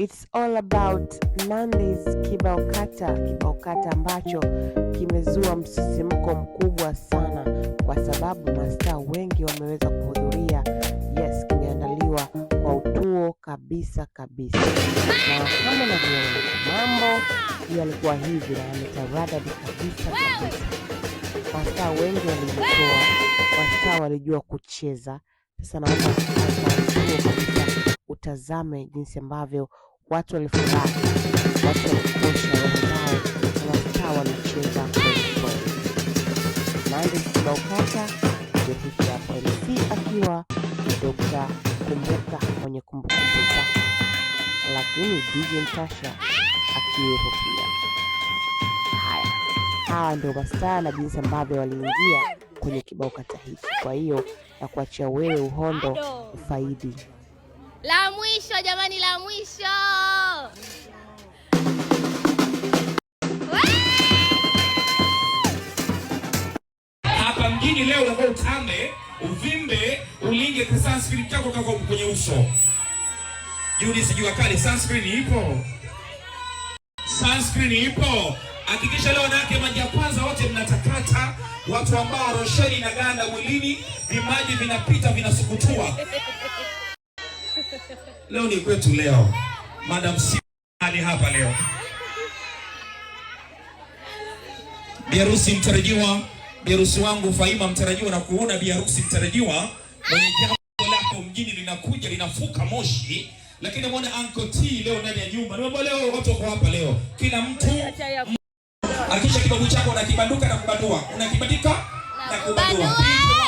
It's all about Nandi's kibaokata, kibaokata ambacho kimezua msisimko mkubwa sana, kwa sababu mastaa wengi wameweza kuhudhuria. Yes, kimeandaliwa kwa utuo kabisa kabisa, na kama navyoona mambo yalikuwa hivi na yametaradadi kabisa kabisa. Wastaa wengi walijitoa, wasta walijua kucheza. Sasa naomba utazame jinsi ambavyo Watu walifurahi, watu walikosha roho zao, wanataa wanacheza kwelikweli. Nandy Kilaukata ndio MC akiwa Dokta Kumbuka mwenye kumbukumbu zake, lakini DJ Mtasha akiwepo pia. Haya, hawa ndio mastaa na jinsi ambavyo waliingia kwenye kibao kata hiki. Kwa hiyo na kuachia wewe uhondo ufaidi. La mwisho jamani, la mwisho. Hapa mjini leo unakuwa utambe, uvimbe, ulinge kwa sunscreen chako kako kwenye uso. Juni sijua kali sunscreen ipo. Sunscreen ipo. Hakikisha leo nake maji ya kwanza wote mnatakata, watu ambao rosheni na ganda mwilini, vimaji vinapita vinasukutua. Leo ni kwetu leo. Madam si hali hapa leo. Biarusi mtarajiwa, biarusi wangu Faima mtarajiwa, na kuona biarusi mtarajiwa mwenye jambo lako mjini linakuja linafuka moshi, lakini muone Uncle T leo ndani ya nyumba. Naomba leo watu wako hapa leo. Kila mtu akisha kibabu chako na kibanduka na kubandua. Unakibandika na kubandua.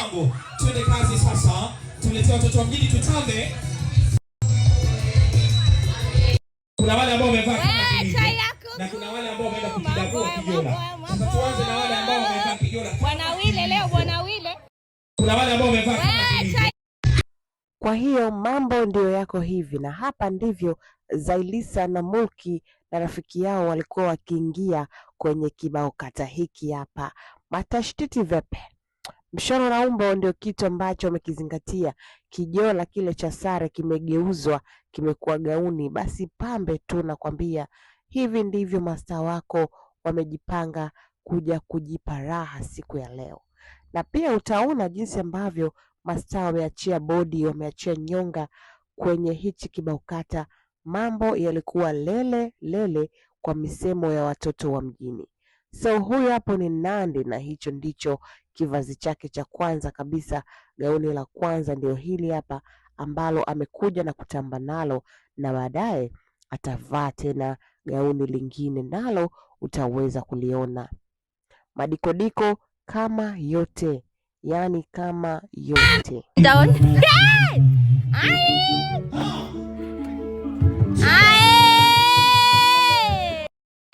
Wangu, twende kazi sasa. Tuletee watoto wa mjini tutambe. kuna wale ambao wamevaa kwa hiyo mambo ndiyo yako hivi, na hapa ndivyo Zailisa na Mulki na rafiki yao walikuwa wakiingia kwenye kibao kata hiki hapa. Matashtiti vepe, mshoro na umbo ndio kitu ambacho wamekizingatia. Kijola kile cha sare kimegeuzwa, kimekuwa gauni, basi pambe tu. Nakwambia hivi ndivyo masta wako wamejipanga kuja kujipa raha siku ya leo na pia utaona jinsi ambavyo mastaa wameachia bodi, wameachia nyonga kwenye hichi kibao kata. Mambo yalikuwa lele lele kwa misemo ya watoto wa mjini. So huyu hapo ni nandi na hicho ndicho kivazi chake cha kwanza kabisa. Gauni la kwanza ndio hili hapa ambalo amekuja na kutamba nalo, na baadaye atavaa tena gauni lingine nalo utaweza kuliona. Madikodiko kama yote, yaani kama yote Down.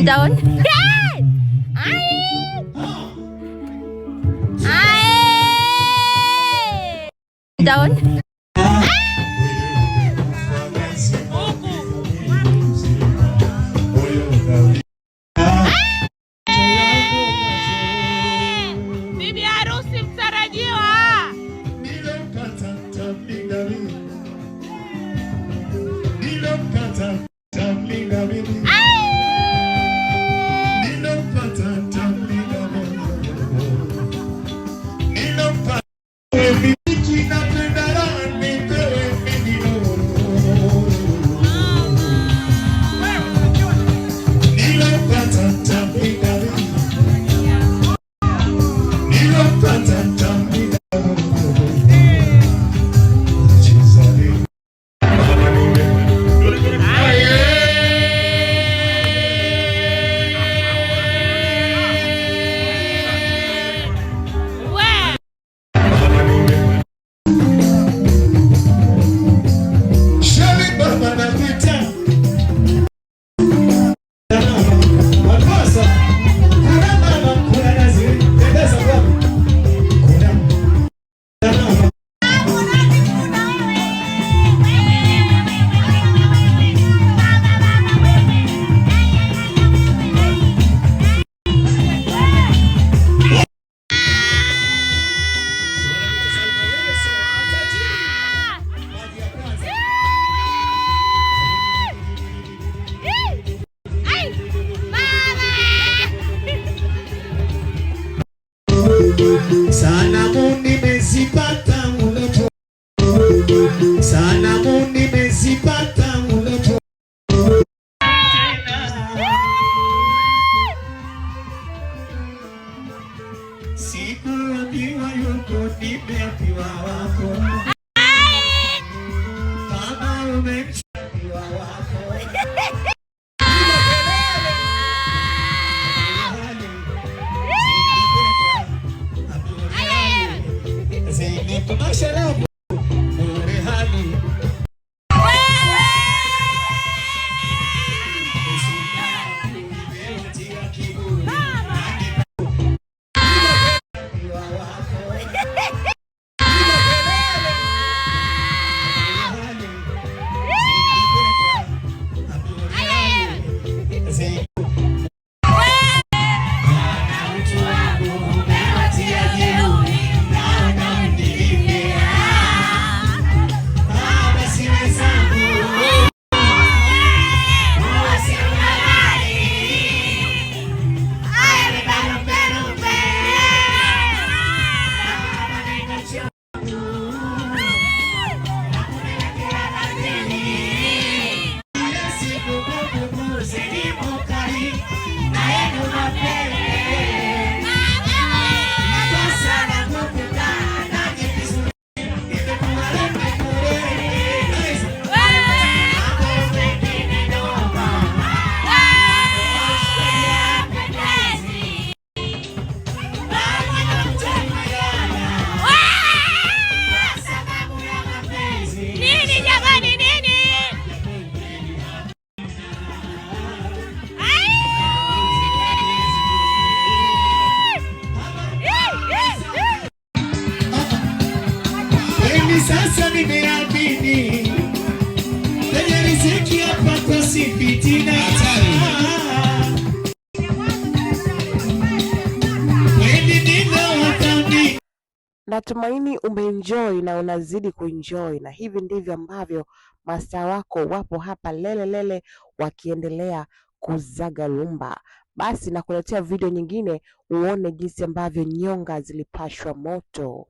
Down. Down. Salamu nimezipata ulipo, salamu nimezipata ulipo. Sikuambiwa yuko, nimeambiwa wako. Masarap! sasa nimeamini kwenye riziki hapa kwa sipiti na Natumaini umeenjoy na unazidi kuenjoy, na hivi ndivyo ambavyo masta wako wapo hapa lele lele, wakiendelea kuzaga lumba. Basi nakuletea video nyingine uone jinsi ambavyo nyonga zilipashwa moto.